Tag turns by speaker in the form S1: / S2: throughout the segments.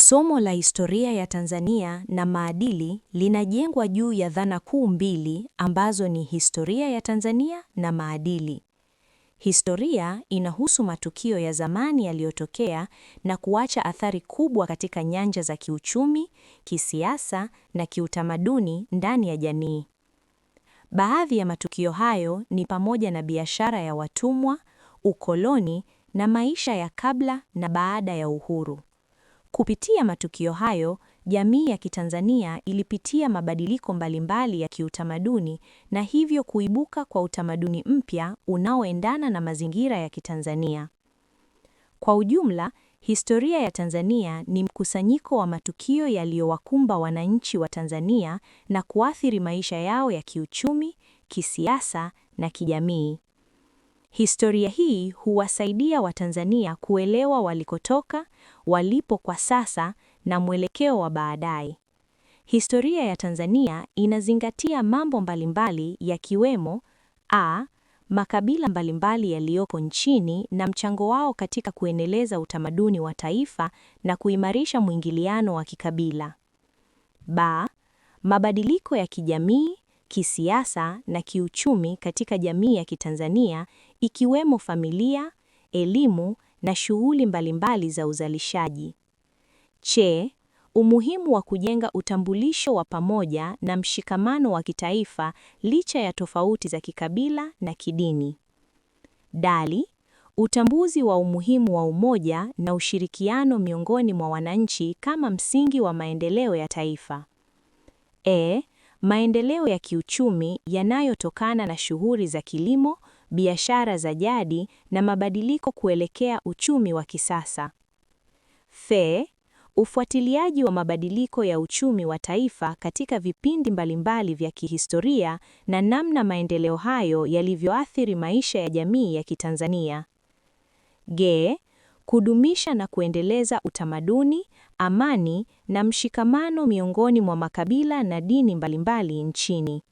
S1: Somo la historia ya Tanzania na maadili linajengwa juu ya dhana kuu mbili ambazo ni historia ya Tanzania na maadili. Historia inahusu matukio ya zamani yaliyotokea na kuacha athari kubwa katika nyanja za kiuchumi, kisiasa na kiutamaduni ndani ya jamii. Baadhi ya matukio hayo ni pamoja na biashara ya watumwa, ukoloni na maisha ya kabla na baada ya uhuru. Kupitia matukio hayo, jamii ya Kitanzania ilipitia mabadiliko mbalimbali ya kiutamaduni na hivyo kuibuka kwa utamaduni mpya unaoendana na mazingira ya Kitanzania. Kwa ujumla, historia ya Tanzania ni mkusanyiko wa matukio yaliyowakumba wananchi wa Tanzania na kuathiri maisha yao ya kiuchumi, kisiasa na kijamii. Historia hii huwasaidia Watanzania kuelewa walikotoka, walipo kwa sasa na mwelekeo wa baadaye. Historia ya Tanzania inazingatia mambo mbalimbali yakiwemo a, makabila mbalimbali yaliyoko nchini na mchango wao katika kuendeleza utamaduni wa taifa na kuimarisha mwingiliano wa kikabila. b, mabadiliko ya kijamii, kisiasa na kiuchumi katika jamii ya Kitanzania ikiwemo familia, elimu na shughuli mbalimbali za uzalishaji. Che, umuhimu wa kujenga utambulisho wa pamoja na mshikamano wa kitaifa licha ya tofauti za kikabila na kidini. Dali, utambuzi wa umuhimu wa umoja na ushirikiano miongoni mwa wananchi kama msingi wa maendeleo ya taifa. E, maendeleo ya kiuchumi yanayotokana na shughuli za kilimo, biashara za jadi na mabadiliko kuelekea uchumi wa kisasa. Fe, ufuatiliaji wa mabadiliko ya uchumi wa taifa katika vipindi mbalimbali vya kihistoria na namna maendeleo hayo yalivyoathiri maisha ya jamii ya Kitanzania. G, kudumisha na kuendeleza utamaduni, amani na mshikamano miongoni mwa makabila na dini mbalimbali nchini.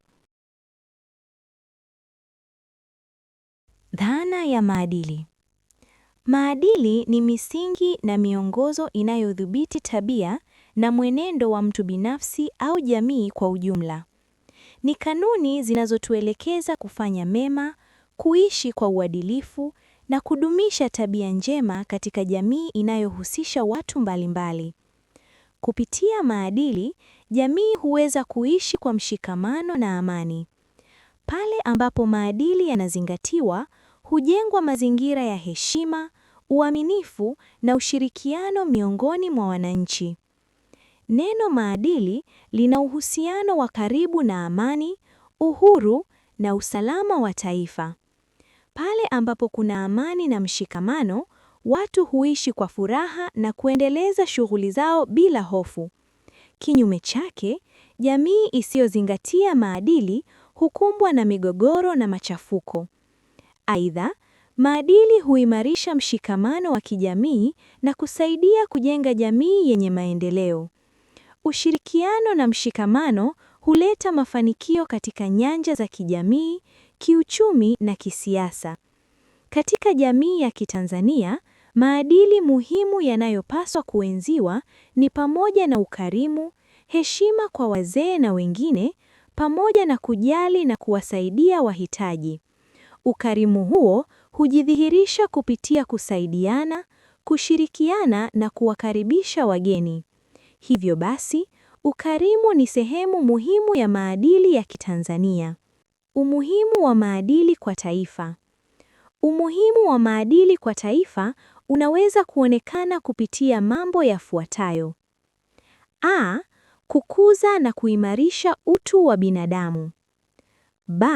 S2: Dhana ya maadili. Maadili ni misingi na miongozo inayodhibiti tabia na mwenendo wa mtu binafsi au jamii kwa ujumla. Ni kanuni zinazotuelekeza kufanya mema, kuishi kwa uadilifu na kudumisha tabia njema katika jamii inayohusisha watu mbalimbali. Kupitia maadili, jamii huweza kuishi kwa mshikamano na amani. Pale ambapo maadili yanazingatiwa, hujengwa mazingira ya heshima, uaminifu na ushirikiano miongoni mwa wananchi. Neno maadili lina uhusiano wa karibu na amani, uhuru na usalama wa taifa. Pale ambapo kuna amani na mshikamano, watu huishi kwa furaha na kuendeleza shughuli zao bila hofu. Kinyume chake, jamii isiyozingatia maadili hukumbwa na migogoro na machafuko. Aidha, maadili huimarisha mshikamano wa kijamii na kusaidia kujenga jamii yenye maendeleo. Ushirikiano na mshikamano huleta mafanikio katika nyanja za kijamii, kiuchumi na kisiasa. Katika jamii ya Kitanzania, maadili muhimu yanayopaswa kuenziwa ni pamoja na ukarimu, heshima kwa wazee na wengine, pamoja na kujali na kuwasaidia wahitaji. Ukarimu huo hujidhihirisha kupitia kusaidiana, kushirikiana na kuwakaribisha wageni. Hivyo basi, ukarimu ni sehemu muhimu ya maadili ya Kitanzania. Umuhimu wa maadili kwa taifa. Umuhimu wa maadili kwa taifa unaweza kuonekana kupitia mambo yafuatayo. A, kukuza na kuimarisha utu wa binadamu. B,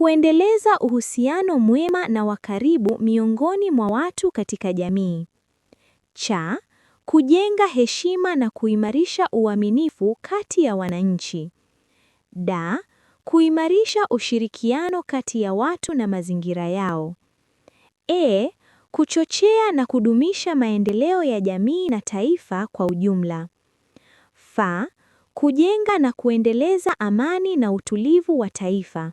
S2: kuendeleza uhusiano mwema na wa karibu miongoni mwa watu katika jamii. Cha, kujenga heshima na kuimarisha uaminifu kati ya wananchi. Da, kuimarisha ushirikiano kati ya watu na mazingira yao. E, kuchochea na kudumisha maendeleo ya jamii na taifa kwa ujumla. Fa, kujenga na kuendeleza amani na utulivu wa taifa.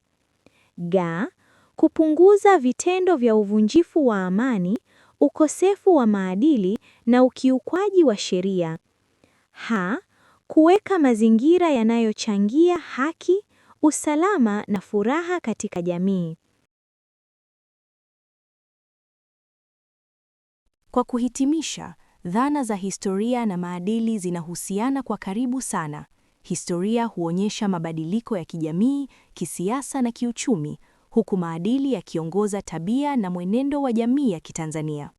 S2: Ga, kupunguza vitendo vya uvunjifu wa amani, ukosefu wa maadili na ukiukwaji wa sheria. Ha, kuweka mazingira yanayochangia haki, usalama na furaha katika jamii.
S1: Kwa kuhitimisha, dhana za historia na maadili zinahusiana kwa karibu sana. Historia huonyesha mabadiliko ya kijamii, kisiasa na kiuchumi, huku maadili yakiongoza tabia na mwenendo wa jamii ya Kitanzania.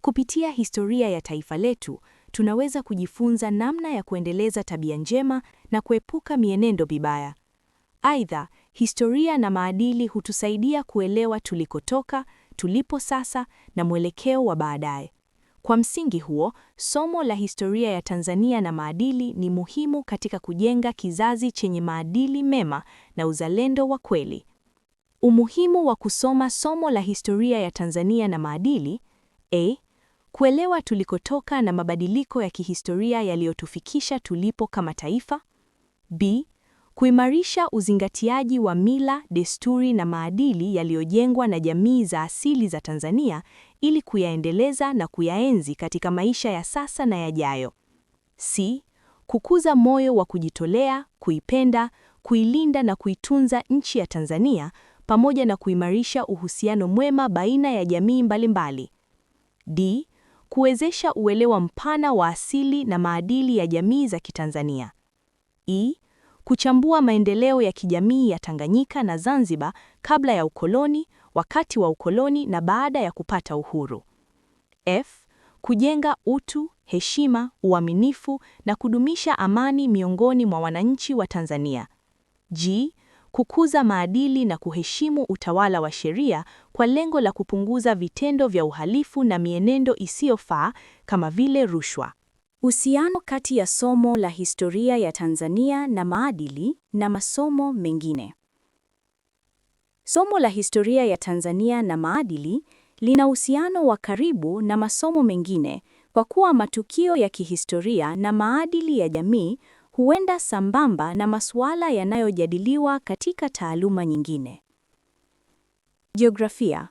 S1: Kupitia historia ya taifa letu, tunaweza kujifunza namna ya kuendeleza tabia njema na kuepuka mienendo mibaya. Aidha, historia na maadili hutusaidia kuelewa tulikotoka, tulipo sasa na mwelekeo wa baadaye. Kwa msingi huo, somo la historia ya Tanzania na maadili ni muhimu katika kujenga kizazi chenye maadili mema na uzalendo wa kweli. Umuhimu wa kusoma somo la historia ya Tanzania na maadili: A. Kuelewa tulikotoka na mabadiliko ya kihistoria yaliyotufikisha tulipo kama taifa. B kuimarisha uzingatiaji wa mila, desturi na maadili yaliyojengwa na jamii za asili za Tanzania ili kuyaendeleza na kuyaenzi katika maisha ya sasa na yajayo. C. Kukuza moyo wa kujitolea, kuipenda, kuilinda na kuitunza nchi ya Tanzania pamoja na kuimarisha uhusiano mwema baina ya jamii mbalimbali. D. Kuwezesha uelewa mpana wa asili na maadili ya jamii za Kitanzania. E kuchambua maendeleo ya kijamii ya Tanganyika na Zanzibar kabla ya ukoloni, wakati wa ukoloni na baada ya kupata uhuru. F. Kujenga utu, heshima, uaminifu na kudumisha amani miongoni mwa wananchi wa Tanzania. G. Kukuza maadili na kuheshimu utawala wa sheria kwa lengo la kupunguza vitendo vya uhalifu na mienendo isiyofaa kama vile rushwa. Uhusiano kati ya somo la historia ya Tanzania na maadili na masomo mengine. Somo la historia ya Tanzania na maadili lina uhusiano wa karibu na masomo mengine kwa kuwa matukio ya kihistoria na maadili ya jamii huenda sambamba na masuala yanayojadiliwa katika taaluma nyingine. Jiografia.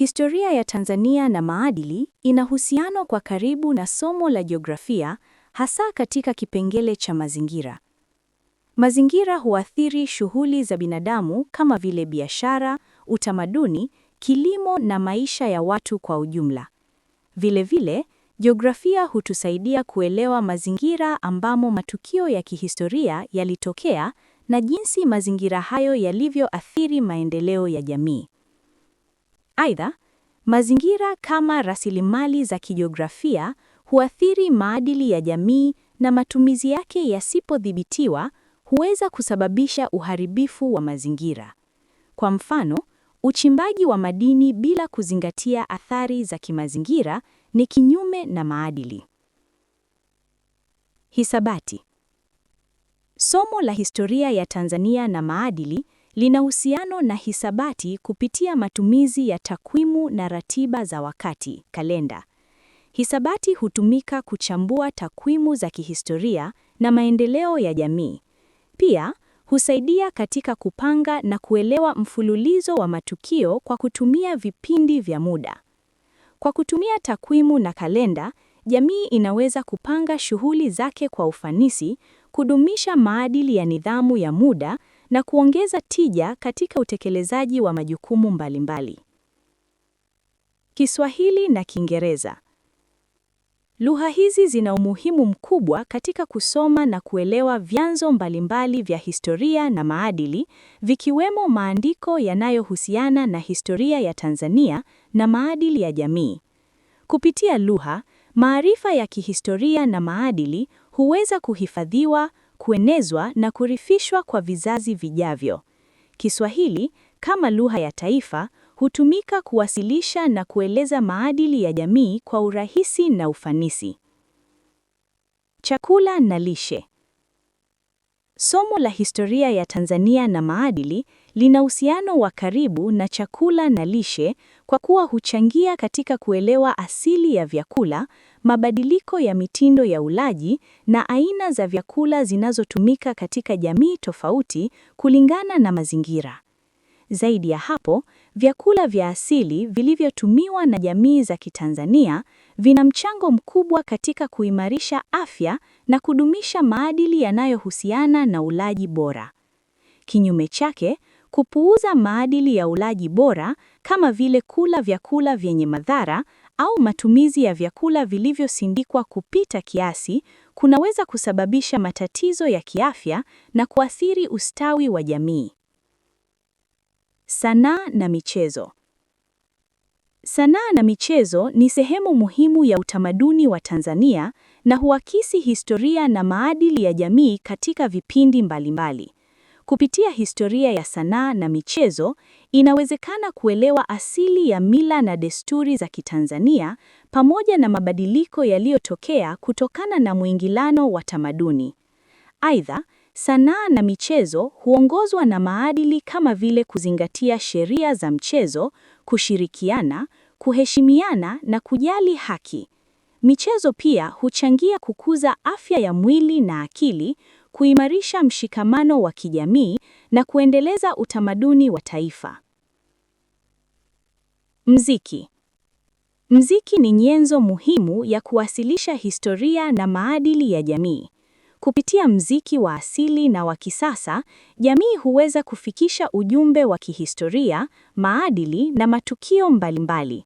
S1: Historia ya Tanzania na maadili ina uhusiano kwa karibu na somo la jiografia, hasa katika kipengele cha mazingira. Mazingira huathiri shughuli za binadamu kama vile biashara, utamaduni, kilimo na maisha ya watu kwa ujumla. Vilevile, jiografia hutusaidia kuelewa mazingira ambamo matukio ya kihistoria yalitokea na jinsi mazingira hayo yalivyoathiri maendeleo ya jamii. Aidha, mazingira kama rasilimali za kijiografia huathiri maadili ya jamii na matumizi yake yasipodhibitiwa huweza kusababisha uharibifu wa mazingira. Kwa mfano, uchimbaji wa madini bila kuzingatia athari za kimazingira ni kinyume na maadili. Hisabati. Somo la historia ya Tanzania na maadili lina uhusiano na hisabati kupitia matumizi ya takwimu na ratiba za wakati, kalenda. Hisabati hutumika kuchambua takwimu za kihistoria na maendeleo ya jamii. Pia husaidia katika kupanga na kuelewa mfululizo wa matukio kwa kutumia vipindi vya muda. Kwa kutumia takwimu na kalenda, jamii inaweza kupanga shughuli zake kwa ufanisi, kudumisha maadili ya nidhamu ya muda na kuongeza tija katika utekelezaji wa majukumu mbalimbali. Kiswahili na Kiingereza. Lugha hizi zina umuhimu mkubwa katika kusoma na kuelewa vyanzo mbalimbali vya historia na maadili, vikiwemo maandiko yanayohusiana na historia ya Tanzania na maadili ya jamii. Kupitia lugha, maarifa ya kihistoria na maadili huweza kuhifadhiwa, kuenezwa na kurifishwa kwa vizazi vijavyo. Kiswahili kama lugha ya taifa hutumika kuwasilisha na kueleza maadili ya jamii kwa urahisi na ufanisi. Chakula na lishe. Somo la historia ya Tanzania na maadili Lina uhusiano wa karibu na chakula na lishe kwa kuwa huchangia katika kuelewa asili ya vyakula, mabadiliko ya mitindo ya ulaji na aina za vyakula zinazotumika katika jamii tofauti kulingana na mazingira. Zaidi ya hapo, vyakula vya asili vilivyotumiwa na jamii za Kitanzania vina mchango mkubwa katika kuimarisha afya na kudumisha maadili yanayohusiana na ulaji bora. Kinyume chake, kupuuza maadili ya ulaji bora kama vile kula vyakula vyenye madhara au matumizi ya vyakula vilivyosindikwa kupita kiasi kunaweza kusababisha matatizo ya kiafya na kuathiri ustawi wa jamii. Sanaa na michezo. Sanaa na michezo ni sehemu muhimu ya utamaduni wa Tanzania na huakisi historia na maadili ya jamii katika vipindi mbalimbali. Kupitia historia ya sanaa na michezo, inawezekana kuelewa asili ya mila na desturi za Kitanzania pamoja na mabadiliko yaliyotokea kutokana na mwingilano wa tamaduni. Aidha, sanaa na michezo huongozwa na maadili kama vile kuzingatia sheria za mchezo, kushirikiana, kuheshimiana na kujali haki. Michezo pia huchangia kukuza afya ya mwili na akili, kuimarisha mshikamano wa kijamii na kuendeleza utamaduni wa taifa. Mziki. Mziki ni nyenzo muhimu ya kuwasilisha historia na maadili ya jamii. Kupitia mziki wa asili na wa kisasa, jamii huweza kufikisha ujumbe wa kihistoria, maadili na matukio mbalimbali.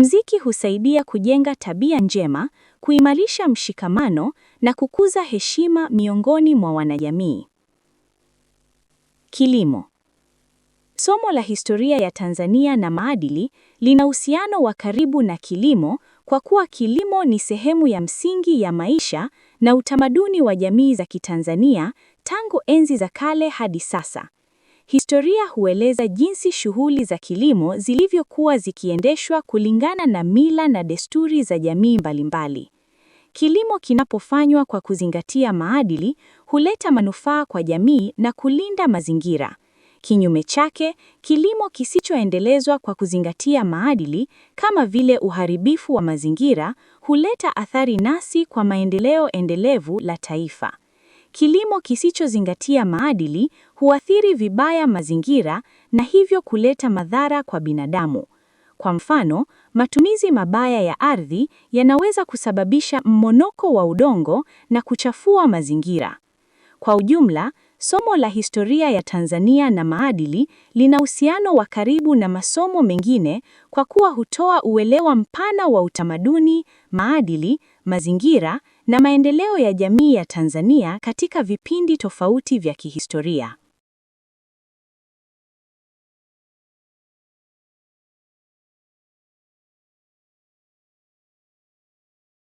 S1: Mziki husaidia kujenga tabia njema, kuimarisha mshikamano na kukuza heshima miongoni mwa wanajamii. Kilimo. Somo la historia ya Tanzania na maadili lina uhusiano wa karibu na kilimo kwa kuwa kilimo ni sehemu ya msingi ya maisha na utamaduni wa jamii za Kitanzania tangu enzi za kale hadi sasa. Historia hueleza jinsi shughuli za kilimo zilivyokuwa zikiendeshwa kulingana na mila na desturi za jamii mbalimbali. Kilimo kinapofanywa kwa kuzingatia maadili, huleta manufaa kwa jamii na kulinda mazingira. Kinyume chake, kilimo kisichoendelezwa kwa kuzingatia maadili, kama vile uharibifu wa mazingira, huleta athari nasi kwa maendeleo endelevu la taifa. Kilimo kisichozingatia maadili huathiri vibaya mazingira na hivyo kuleta madhara kwa binadamu. Kwa mfano, matumizi mabaya ya ardhi yanaweza kusababisha mmonoko wa udongo na kuchafua mazingira. Kwa ujumla, somo la historia ya Tanzania na maadili lina uhusiano wa karibu na masomo mengine kwa kuwa hutoa uelewa mpana wa utamaduni, maadili, mazingira na maendeleo ya jamii ya Tanzania katika vipindi tofauti vya kihistoria.